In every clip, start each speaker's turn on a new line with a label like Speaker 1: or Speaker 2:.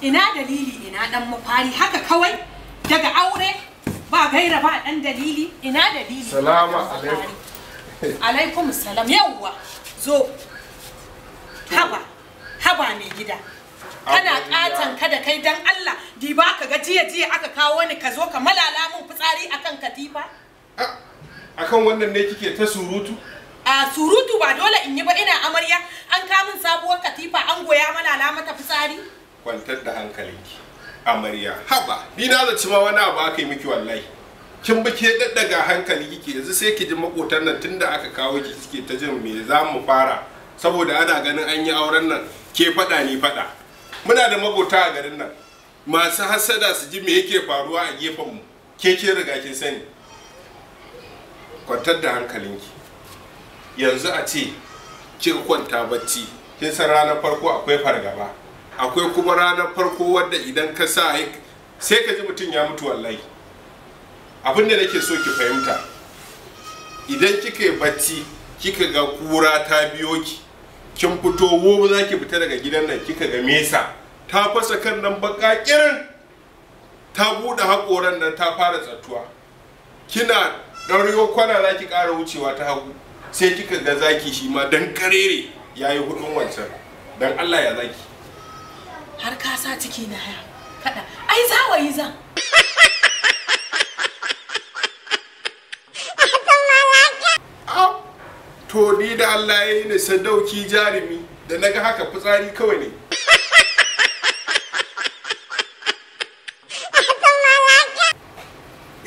Speaker 1: ina dalili ina dan mafari haka kawai daga aure ba gaira ba dan dalili ina dalili
Speaker 2: salamu alaikum
Speaker 1: alaikum salam yawwa zo haba haba mai gida kana katan ka da kai dan Allah ba ka ga jiya jiya aka kawo ni ka zo ka malala mun fitsari akan katifa
Speaker 3: akan wannan ne kike ta surutu
Speaker 1: a surutu ba dole in yi ba ina amarya an kamun sabuwar katifa an goya malala mata fitsari
Speaker 3: kwantar da hankalinki amarya haba ni na zaci ma wani abu aka yi miki wallahi kin bi ke daddaga hankali kike yanzu sai ki ji makotan nan tunda aka kawo ki kike ta jin me za mu fara saboda ana ganin an yi auren nan ke fada ni fada muna da makota a garin nan masu hasada su ji me yake faruwa a gefen mu ke ke riga kin sani kwantar da hankalinki yanzu a ce kin kwanta bacci kin san ranar farko akwai fargaba akwai kuma ranar farko wadda idan ka sa sai ka ji mutum ya mutu wallahi abinda nake so ki fahimta idan kika yi bacci kika ga kura ta biyo ki kin fito wo za ki fita daga gidan nan kika ga mesa ta fasa kan nan baka kirin ta buɗe haƙoran nan ta fara tsatuwa. kina ɗauriyo kwana za ki ƙara wucewa ta hagu sai kika ga zaki shi ma dan karere ya yi hudun wancan dan allah ya zaki
Speaker 1: har ka sa ciki na haya kada ai zawa yi
Speaker 3: to ni da Allah ya yi ni sadauki jarumi da naga haka fitsari kawai ne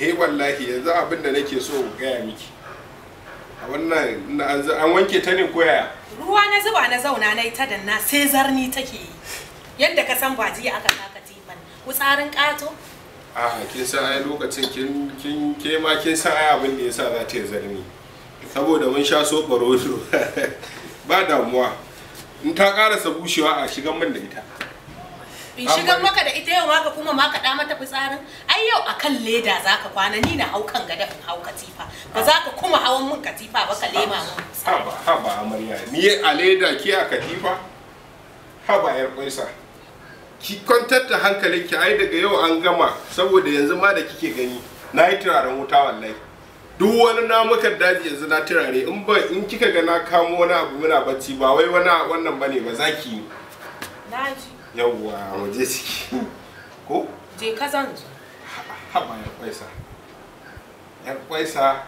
Speaker 3: eh wallahi yanzu abin da nake so gaya miki a wannan an wanke ta ne ko ruwa
Speaker 1: na zuba na zauna na ta da na sai zarni take yi yadda ka san baji ya aka saka ku wutsarin ƙato
Speaker 3: a ah, kin san ai lokacin kin kin ke ma kin san ai abin da yasa za ta yi zarmi saboda mun sha so barodo ba damuwa in ta karasa bushewa a shigan man da ita
Speaker 1: in shigan maka da ita yau maka kuma ma ka da mata fitsarin ai yau akan leda zaka kwana ni na hau kan gada in hau katifa ba za ka kuma hawan mun katifa ba ka lema mun
Speaker 3: haba haba amarya ni a leda ki a katifa haba yar kwaisa ki kwantar da ki ai daga yau an gama saboda yanzu ma da kike gani na yi turaren wuta wallahi duk wani namukan daji yanzu na turare in ba in kika ga na kamo wani abu muna bacci ba wai wani wannan bane ba zaki yi naji yawwa waje ciki
Speaker 1: ko je ka zan
Speaker 3: ba ya kwaisa ya kwaisa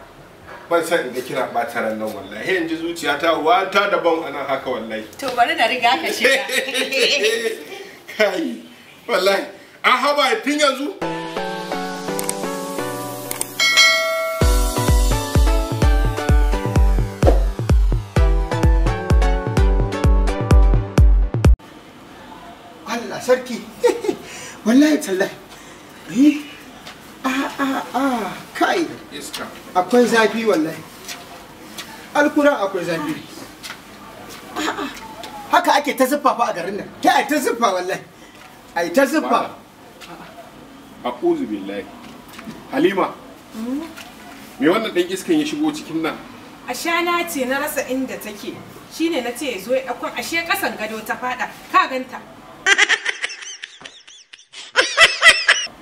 Speaker 3: ban san inda kina ɓata ran nan wallahi yanzu zuciya ta wata daban anan haka wallahi
Speaker 1: to bari na riga ka shiga
Speaker 3: kai wallahi an haba haifin yanzu
Speaker 2: Allah sarki wallahi tallahi eh? a ah, ah, ah. kai akwai zafi wallahi alkura akwai zafi haka ake ta zuffa fa a garin nan ta ai ta zuffa wallahi ai ta zuffa a'udhu billahi halima
Speaker 3: me wannan dan iskan ya shigo cikin nan
Speaker 1: asha na ce na rasa inda take shine na ce zo ya dakon ashe kasan gado ta fada ka ganta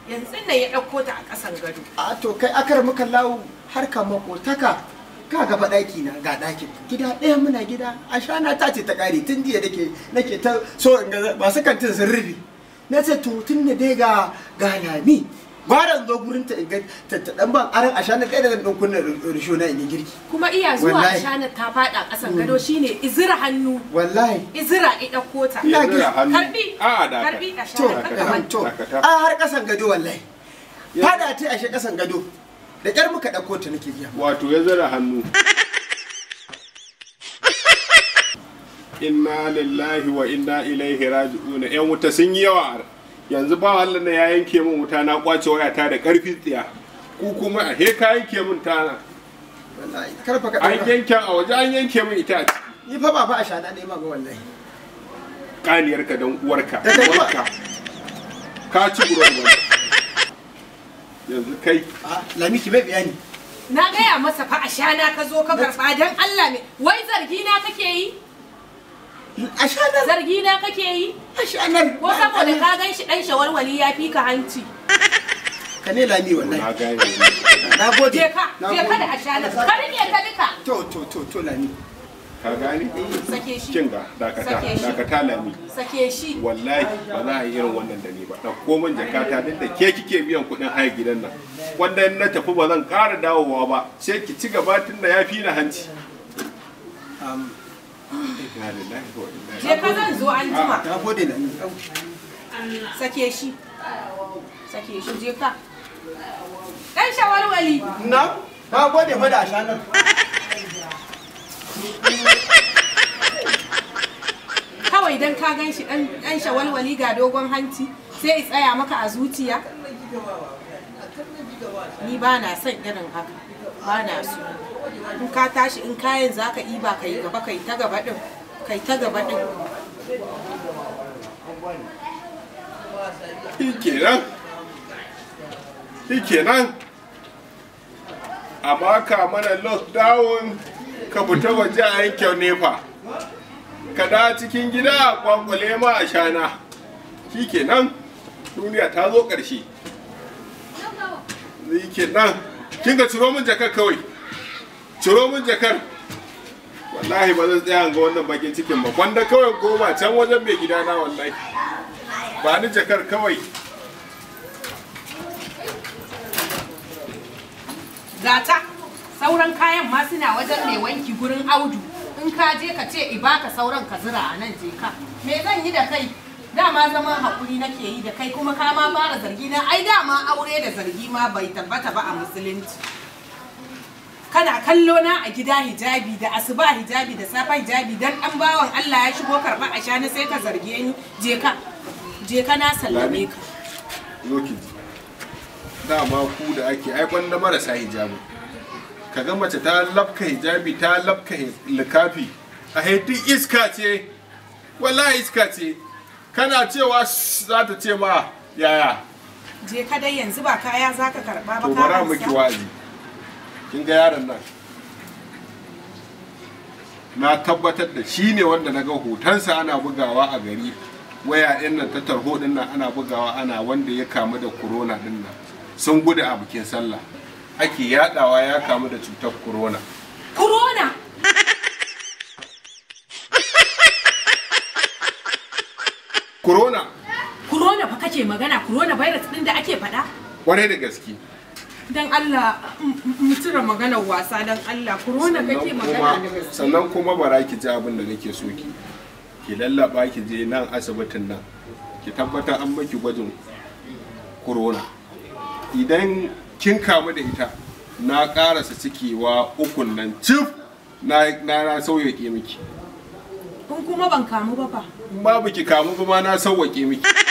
Speaker 1: yanzu nan ya dauko ta a kasan gado
Speaker 2: a to kai akar muka lawo harka makotaka ka gaba ɗaki na ga ɗakin gida ɗaya muna gida ashana ta ce ta ƙare tun jiya nake nake ta so in ga masu kantin sun rubi na ce to tun da dai ga ga lami gwara zo gurin ta ga ta dan ban aran ashana kai da dan kunna rushe na in girki
Speaker 1: kuma iya zuwa ashana ta fada kasan gado mm. shine izira hannu wallahi izira ida kota hannu karbi a da karbi ashana
Speaker 2: to a har kasan gado wallahi fada ta ashe kasan gado da ƙyar muka ɗauko ta nake biya. wato ya zara hannu
Speaker 3: inna lillahi wa inna ilaihi raji'una yan wuta sun yi yawa yanzu ba Allah na ya yanke min wuta na kwace wayata da ƙarfi tsiya ku kuma a he ka yanke min tana an yanke a waje an yanke min ita
Speaker 2: ni fa ba fa a shada ne ma ga wallahi
Speaker 3: ka dan uwarka uwarka ka ci gurin wannan yanzu kai lami ah, ki bayani
Speaker 1: na gaya masa fa ashana ka zo ka karba dan Allah ne wai zargi na kake yi ashana zargi na kake yi ko saboda ka gan shi dan shawarwali ya fi ka hanci
Speaker 2: ka ne lami wallahi na gode ka ka da ashana ka
Speaker 1: ne ka duka
Speaker 2: to to to to lami ka gane
Speaker 3: sake shi kin ga daga dakata lami sake shi wallahi ba za a yi irin wannan da ni ba da komin jakata din da ke kike biyan kuɗin haya gidan nan wanda in na tafi ba zan ƙara dawowa ba sai ki ci gaba tun da ya fi na hanci
Speaker 2: je ka zan zo an jima
Speaker 1: sake shi sake shi je ka ɗan shawarwali
Speaker 2: na na gode fa da shanar
Speaker 1: kawai dan ka gan shi dan shawalwali ga dogon hanci sai ya tsaya maka a zuciya
Speaker 2: ni ba na son
Speaker 1: irin haka ba na so in ka tashi in kayan za ka iba ka yi gaba ka yi ta gaba din ka yi ta gaba din
Speaker 3: kenan kenan a maka mana lockdown ka fita waje a yankin nefa ka da cikin gida a kwakwale ma a shana shi nan, duniya ta zo ƙarshe shi nan, kin ga ciro min jakar kawai ciro min jakar wallahi ba zan tsaya ga wannan bakin cikin ba wanda kawai goma can wajen mai na wallahi ba ni jakar kawai
Speaker 1: gata sauran kayan ma suna wajen mai wanki gurin audu in ka je ka ce ba ka sauran ka zira a nan je ka me zan yi da kai dama zaman hakuri nake yi da kai kuma ka ma fara zargi na ai dama aure da zargi ma bai tabbata ba a musulunci kana kallo na a gida hijabi da asuba hijabi da safa hijabi dan dan bawan Allah ya shigo karba a shani sai ka zarge ni je ka je ka na sallame
Speaker 3: ka da dama ku da ake ai gwanda marasa hijabi ka ga mace ta labka hijabi ta labka likafi a haiti iska ce wala iska ce kana cewa za ta ce ma yaya
Speaker 1: je ka dai yanzu ba kaya za ka karba ba to bara miki wazi
Speaker 3: kin ga yaron nan na tabbatar da shi ne wanda na ga hotonsa ana bugawa a gari waya ɗin nan ta tarho ɗin nan ana bugawa ana wanda ya kamu da corona ɗin nan sun gudu a bikin sallah ake yadawa ya kamu da cutar corona corona corona
Speaker 1: corona fa kake magana corona virus din da ake faɗa
Speaker 3: kwarai da gaske
Speaker 1: dan Allah mutura maganar wasa dan Allah corona kake magana
Speaker 3: sannan kuma bara ki ji abin da nake so ki ki lallaba ki je nan asibitin nan ki tabbata an maki gwajin corona idan kin kamu da ita na karasa cikewa ukun nan cif na na sauya miki in
Speaker 1: kuma ban kamu ba fa
Speaker 3: babu ki kamu ba ma na sauwaƙe miki